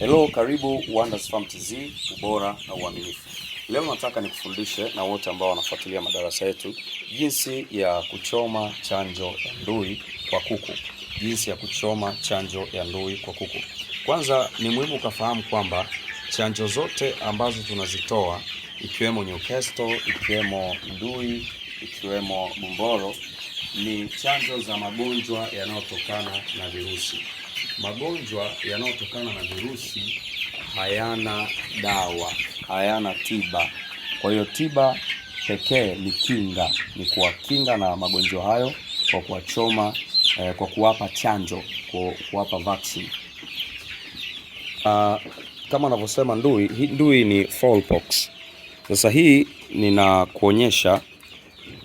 Hello, karibu Wonders Farm TZ, ubora na uaminifu. Leo nataka nikufundishe na wote ambao wanafuatilia madarasa yetu jinsi ya kuchoma chanjo ya ndui kwa kuku, jinsi ya kuchoma chanjo ya ndui kwa kuku. Kwanza ni muhimu ukafahamu kwamba chanjo zote ambazo tunazitoa ikiwemo Newcastle, ikiwemo ndui, ikiwemo gumboro ni chanjo za magonjwa yanayotokana na virusi. Magonjwa yanayotokana na virusi hayana dawa, hayana tiba. Kwa hiyo tiba pekee ni kinga, ni kuwakinga na magonjwa hayo kwa kuwachoma eh, kwa kuwapa chanjo, kwa kuwapa vaccine. Uh, kama anavyosema ndui, ndui ni smallpox. Sasa hii ninakuonyesha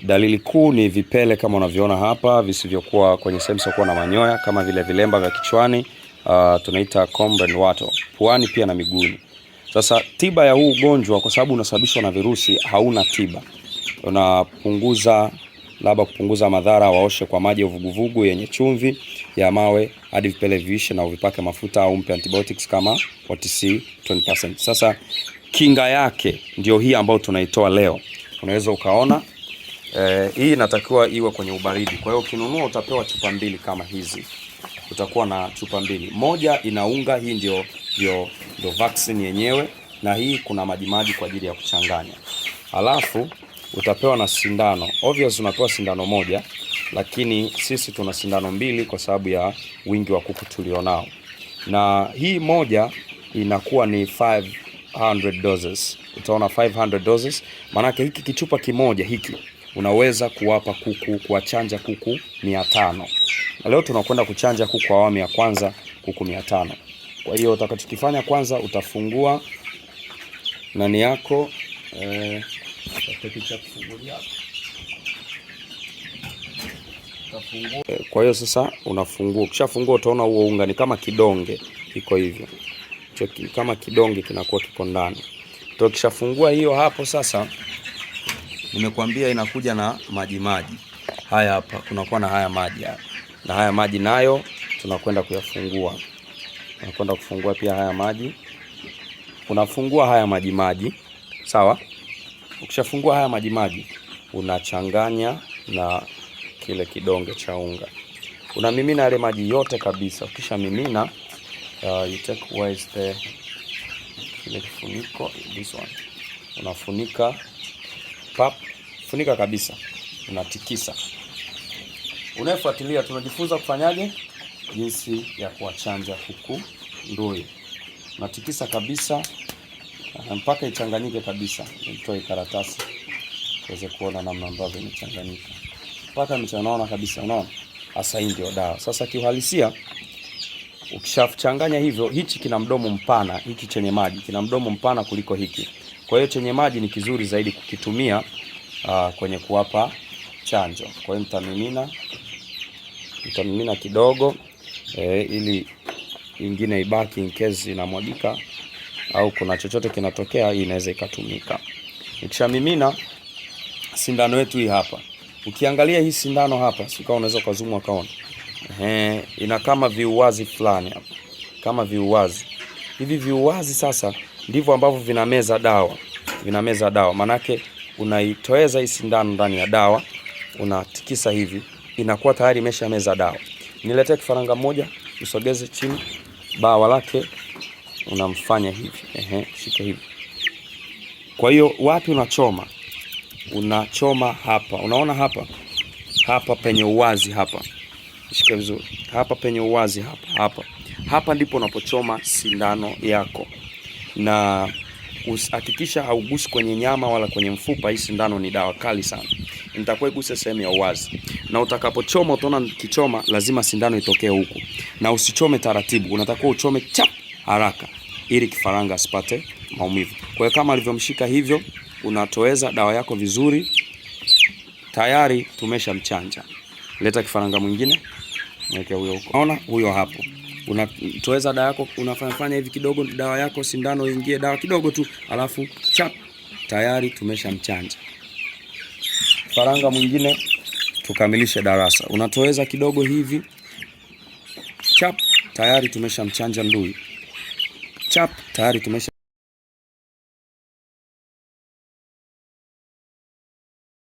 Dalili kuu ni vipele kama unavyoona hapa visivyokuwa kwenye sehemu isiyokuwa na manyoya kama vile vilemba vya kichwani, uh, tunaita Comben wato, puani pia na miguuni. Sasa tiba ya huu ugonjwa kwa sababu unasababishwa na virusi hauna tiba. Unapunguza labda kupunguza madhara, waoshe kwa maji ya uvuguvugu yenye chumvi ya mawe hadi vipele viishe na uvipake mafuta au mpe antibiotics kama OTC 20%. Sasa kinga yake ndio hii ambayo tunaitoa leo. Unaweza ukaona Eh, hii inatakiwa iwe kwenye ubaridi. Kwa hiyo ukinunua utapewa chupa mbili kama hizi, utakuwa na chupa mbili, moja ina unga, hii ndio ndio ndio vaccine yenyewe, na hii kuna majimaji kwa ajili ya kuchanganya. Halafu utapewa na sindano. Obviously unapewa sindano moja, lakini sisi tuna sindano mbili kwa sababu ya wingi wa kuku tulionao, na hii moja inakuwa ni 500 doses. Utaona 500 doses, maanake hiki kichupa kimoja hiki unaweza kuwapa kuku, kuwachanja kuku mia tano na leo tunakwenda kuchanja kuku awamu ya kwanza, kuku mia tano. Kwa hiyo utakachokifanya kwanza, utafungua nani yako eh, eh kwa hiyo sasa unafungua, ukishafungua utaona huo unga ni kama kidonge kiko hivyo, kama kidonge kinakuwa kiko ndani. Ukishafungua hiyo hapo sasa Nimekuambia inakuja na maji maji haya hapa, kunakuwa na haya maji hapa, na haya maji nayo tunakwenda kuyafungua, tunakwenda kufungua pia haya maji. Unafungua haya maji maji, sawa. Ukishafungua haya maji maji, unachanganya na kile kidonge cha unga, unamimina yale maji yote kabisa. Ukishamimina uh, you take away the kile kifuniko, this one unafunika pap, funika kabisa, unatikisa. Unayefuatilia, tunajifunza kufanyaje jinsi ya kuwachanja kuku ndui. Unatikisa kabisa mpaka ichanganyike kabisa. Nitoe karatasi tuweze kuona namna ambavyo imechanganyika mpaka mchanaona kabisa, unaona hasa. Hii ndio dawa sasa. Kiuhalisia, ukishachanganya hivyo, hichi kina mdomo mpana, hiki chenye maji kina mdomo mpana kuliko hiki. Kwa hiyo chenye maji ni kizuri zaidi kukitumia aa, ah, kwenye kuwapa chanjo. Kwa hiyo nitamimina nitamimina kidogo e, ili ingine ibaki in case inamwagika au kuna chochote kinatokea, hii inaweza ikatumika. Nikishamimina sindano yetu hii hapa, ukiangalia hii sindano hapa, si kama unaweza ukazumwa kaona, ehe, ina kama viuwazi fulani hapa, kama viuwazi hivi viuwazi sasa ndivyo ambavyo vinameza dawa, vinameza dawa. Manake unaitoeza hii sindano ndani ya dawa, unatikisa hivi, inakuwa tayari meza dawa. Niletee kifaranga moja, usogeze chini, bawa lake unamfanya hivi, ehe, shika hivi. Kwa hiyo wapi unachoma? Unachoma hapa, unaona hapa, hapa penye uwazi hapa, shika vizuri hapa penye uwazi hapa, hapa, hapa ndipo unapochoma sindano yako na hakikisha haugusi kwenye nyama wala kwenye mfupa. Hii sindano ni dawa kali sana, nitakuwa igusa sehemu ya uwazi, na utakapochoma utaona kichoma, lazima sindano itokee huku, na usichome taratibu, unatakiwa uchome chap haraka, ili kifaranga asipate maumivu. Kwa hiyo kama alivyomshika hivyo, unatoweza dawa yako vizuri. Tayari tumeshamchanja. Leta kifaranga mwingine, mweke huyo huko, naona huyo hapo unatoeza dawa yako, unafanyafanya hivi kidogo, dawa yako sindano ingie dawa kidogo tu, alafu chap, tayari tumeshamchanja faranga. Mwingine tukamilishe darasa, unatoeza kidogo hivi, chap, tayari tumeshamchanja ndui, chap, tayari tumesha